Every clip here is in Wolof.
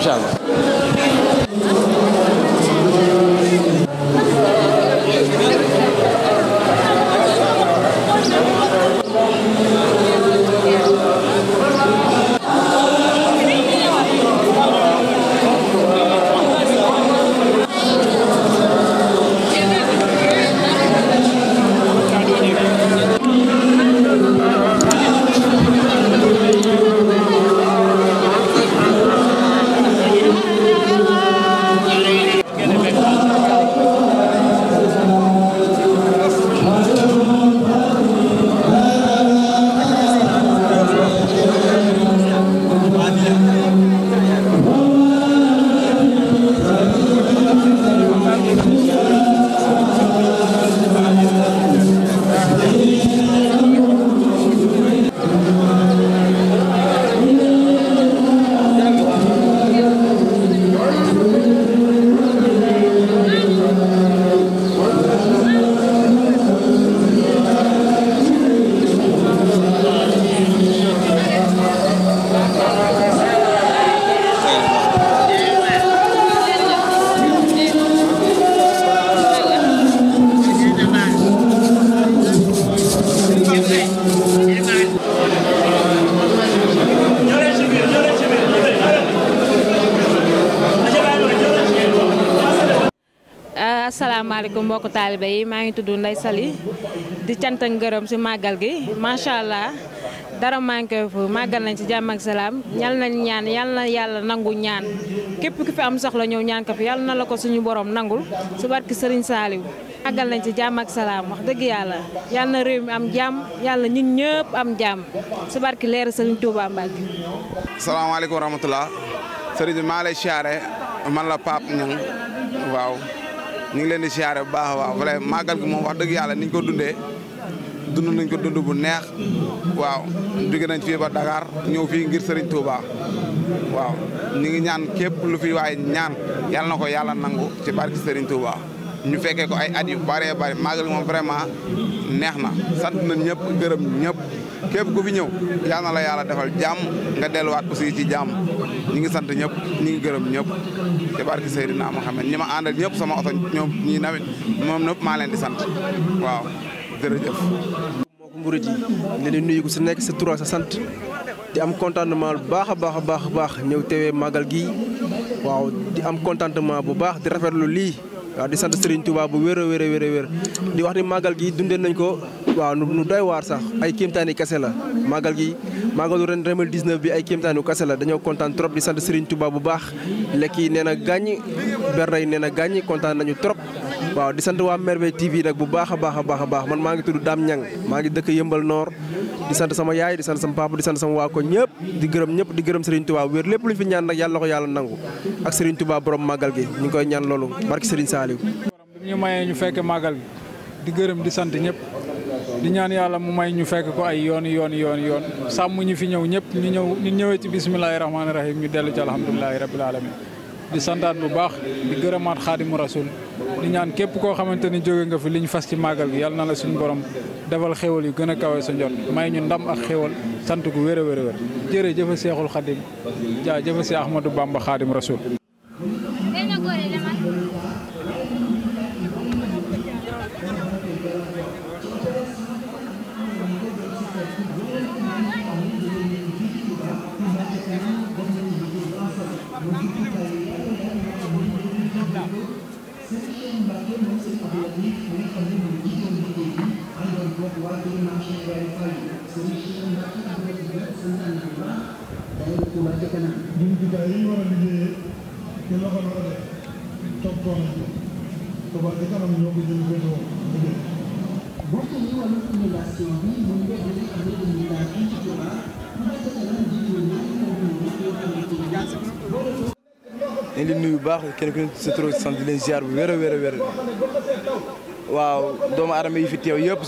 Ciao. Assalamualaikum mbokku talibé yi ma ngi tuddu Ndeye sali di tiant ak ngërëm si magal gi macha allah dara manqué fu magal nañ ci jamm ak salam ñal nañ ñaan yalla yalla nangu ñaan kep ku fi am soxla ñew ñaan ka fi yalla na la ko suñu borom nangul su barki Serigne saliw magal nañ ci jamm ak salam wax deug yalla yalla mi am jamm yalla ñun ñepp am jamm su barki leer Serigne Touba Mbacke. assalamualaikum warahmatullah Serigne malay lay man la pap waaw. ñu ngi leen di siyaare bu baax a baax vraiment màggal moom wax dëgg yàlla niñ ko dundee dund nañ ko dund bu neex waaw jóge nañ fii ba Dakar ñëw fii ngir Serigne Touba waaw ñu ngi ñaan képp lu fi waaye ñaan yàlla na ko yàlla nangu ci barke sëriñ Touba. ñu fekkee ko ay at yu bari bëri màggal moom vraiment neex na sant nañ ñëpp gërëm ñëpp képp ku fi ñëw yaa na la yàlla defal jàmm nga delluwaat aussi ci jàmm ñi ngi sant ñëpp ñu ngi gërëm ñëpp ci barke Seydina Muhammad ñi ma àndal ñëpp sama oto ñoom ñii nawet moom ñëpp maa leen di sant waaw jërëjëf mbokk murit yi leen nuyu ku si nekk sa tur sa sant di am contentement bu baax a baax a baax baax ñëw teewee màggal gi waaw di am contentement bu baax di rafet lu lii waaw di sant Serigne Touba bu wér a wér a wér a wax ni màggal gi dundee nañ ko waaw nu doy waar sax ay kéemtaani kase la màggal gi màggalu ren 2019 bi ay kéemtaani kase la dañoo kontaan trop di sant Serigne Touba bu baax lekk yi nee na gàññ yi nee na gàññ kontaan nañu trop waaw di sant wa Merveille TV nag bu baakha baakha baakha baax man maangi tuddu dam ñang maangi dekk yembal nor di sant sama yaay di sant sama papa di sant sama wa ko ñepp di gërëm ñepp di gërëm Serigne Touba wër lepp lu fi ñaan nak yalla ko yalla nangu ak Serigne Touba borom magal gi ñi koy ñaan lolu barki Serigne saliw ñu maye ñu fekk magal di gërëm di sant ñepp di ñaan yalla mu may ñu fekk ko ay yoon yoon yoon yoon sàmm ñu fi ñew ñepp ñu ñew ñu ñewé ci bisimilahi rahim ñu ci rabbil alamin di santat bu baax di gërëmaat khadimu rasul di ñaan képp koo xamante ni jóge nga fi ñu fas ci màggal gi yàlla na la suñu borom defal xéwal yu gën a kawe sa njot may ñu ndam ak xéwal sant gu wér a wér a wér jërëjëf Seexul Xadim jaa jëfa si Ahmadou Bamba Xadim Rasul Touba ca kanam. jumtukaay yi ñu war a liggéeyee ci loxo la ko def toppatoo nañ ko Touba ca kanam ñoo ko jëm féetewoo liggéey. nuyu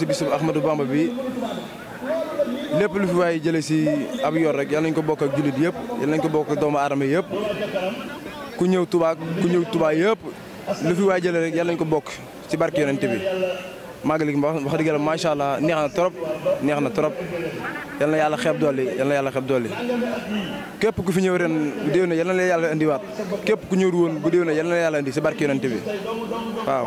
baax Bamba bi lépp lu fi waaye jëlee si ab yor rek yal nañ ko bokk ak jullit yëpp yal nañ ko bokk ak doomu aadama yëpp ku ñëw Touba ku ñëw Touba yëpp lu fi waay jëlee rek yal nañ ko bokk ci barke yonent bi màggal gi wax dëgg yàlla macha allah neex na trop neex na trop yal na yàlla xeeb dolli yal na yàlla xeeb dolli képp ku fi ñëw ren bu déwénee yal na yàlla indiwaat képp ku ñëwul woon bu déwénee yal na yàlla indi si barke yonent bi waaw.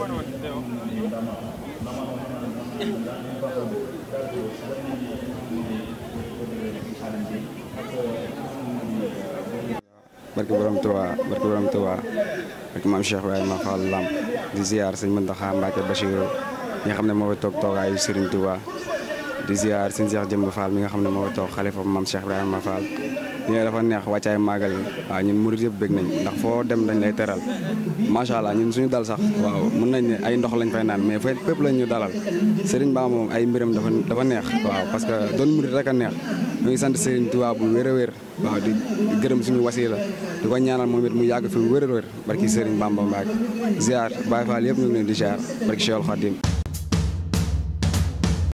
barke borom Tuubaa barke borom Tuubaa barke maam Cheikh Ibrahima Fall Lamp di ziar sëñ Muntaxa Mbàkke Bachirou ñi nga xam ne moo fi toog toogaayu Serigne Touba di ziar sëñ Cheikh Jëmb Fall mi nga xam ne moo fi toog xalifa maam Cheikh Ibrahima Fall ñu dafa neex wàccaay màggal waaw ñun murit yëpp bëgg nañ ndax foo dem dañ lay teral macha allah ñun suñu dal sax waaw mun nañ ne ay ndox lañ fay naan mais fay fépp lañ ñu dalal Serigne Ba moom ay mbiram dafa dafa neex waaw parce que doon murit rek a neex ñu ngi sant Serigne Touba bu wér a wér waaw di gërëm suñu wasiila di ko ñaanal moom it mu yàgg fi wér a wér barki Serigne Bamba Mbacke ziar Baye yëpp ñu ngi di ziar barki Cheikh Khadim